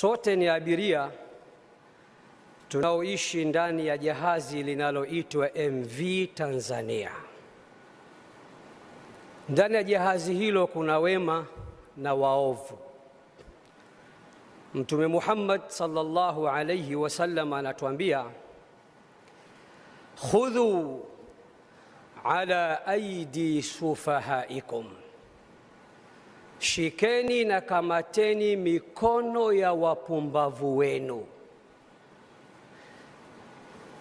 Sote ni abiria tunaoishi ndani ya jahazi linaloitwa MV Tanzania. Ndani ya jahazi hilo kuna wema na waovu. Mtume Muhammad sallallahu alayhi wasallam anatuambia, khudhu ala aidi sufahaikum shikeni na kamateni mikono ya wapumbavu wenu.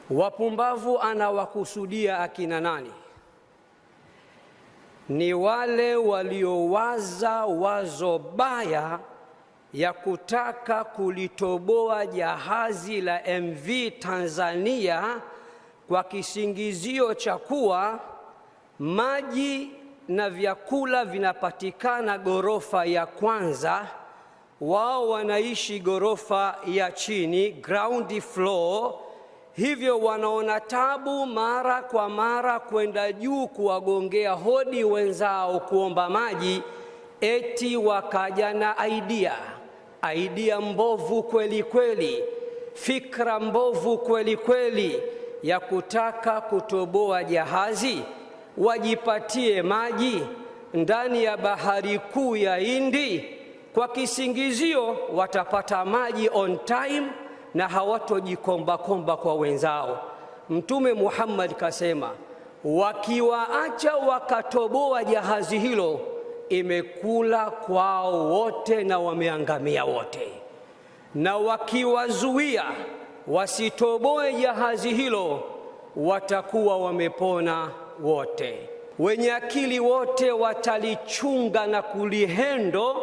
Wapumbavu anawakusudia akina nani? Ni wale waliowaza wazo baya ya kutaka kulitoboa jahazi la MV Tanzania kwa kisingizio cha kuwa maji na vyakula vinapatikana ghorofa ya kwanza, wao wanaishi ghorofa ya chini, ground floor. Hivyo wanaona tabu mara kwa mara kwenda juu kuwagongea hodi wenzao kuomba maji, eti wakaja na idea, idea mbovu kweli kweli, fikra mbovu kweli kweli ya kutaka kutoboa jahazi wajipatie maji ndani ya bahari kuu ya Hindi kwa kisingizio watapata maji on time na hawatojikombakomba kwa wenzao. Mtume Muhammad kasema, wakiwaacha wakatoboa jahazi hilo, imekula kwao wote na wameangamia wote, na wakiwazuia wasitoboe jahazi hilo, watakuwa wamepona wote. Wenye akili wote watalichunga na kulihendo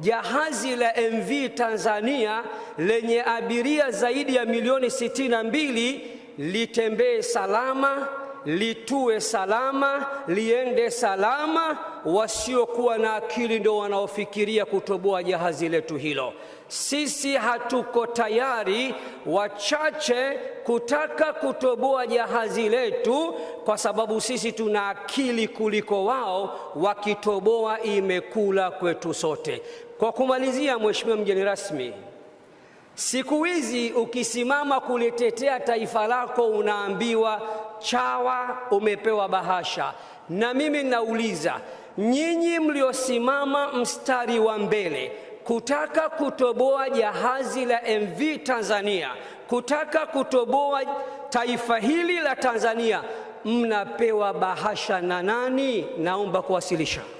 jahazi la MV Tanzania lenye abiria zaidi ya milioni 62 mbili litembee salama litue salama, liende salama. Wasiokuwa na akili ndio wanaofikiria kutoboa jahazi letu hilo. Sisi hatuko tayari, wachache kutaka kutoboa jahazi letu, kwa sababu sisi tuna akili kuliko wao. Wakitoboa imekula kwetu sote. Kwa kumalizia, Mheshimiwa mgeni rasmi Siku hizi ukisimama kulitetea taifa lako unaambiwa chawa, umepewa bahasha. Na mimi nauliza nyinyi mliosimama mstari wa mbele kutaka kutoboa jahazi la MV Tanzania, kutaka kutoboa taifa hili la Tanzania, mnapewa bahasha na nani? Naomba kuwasilisha.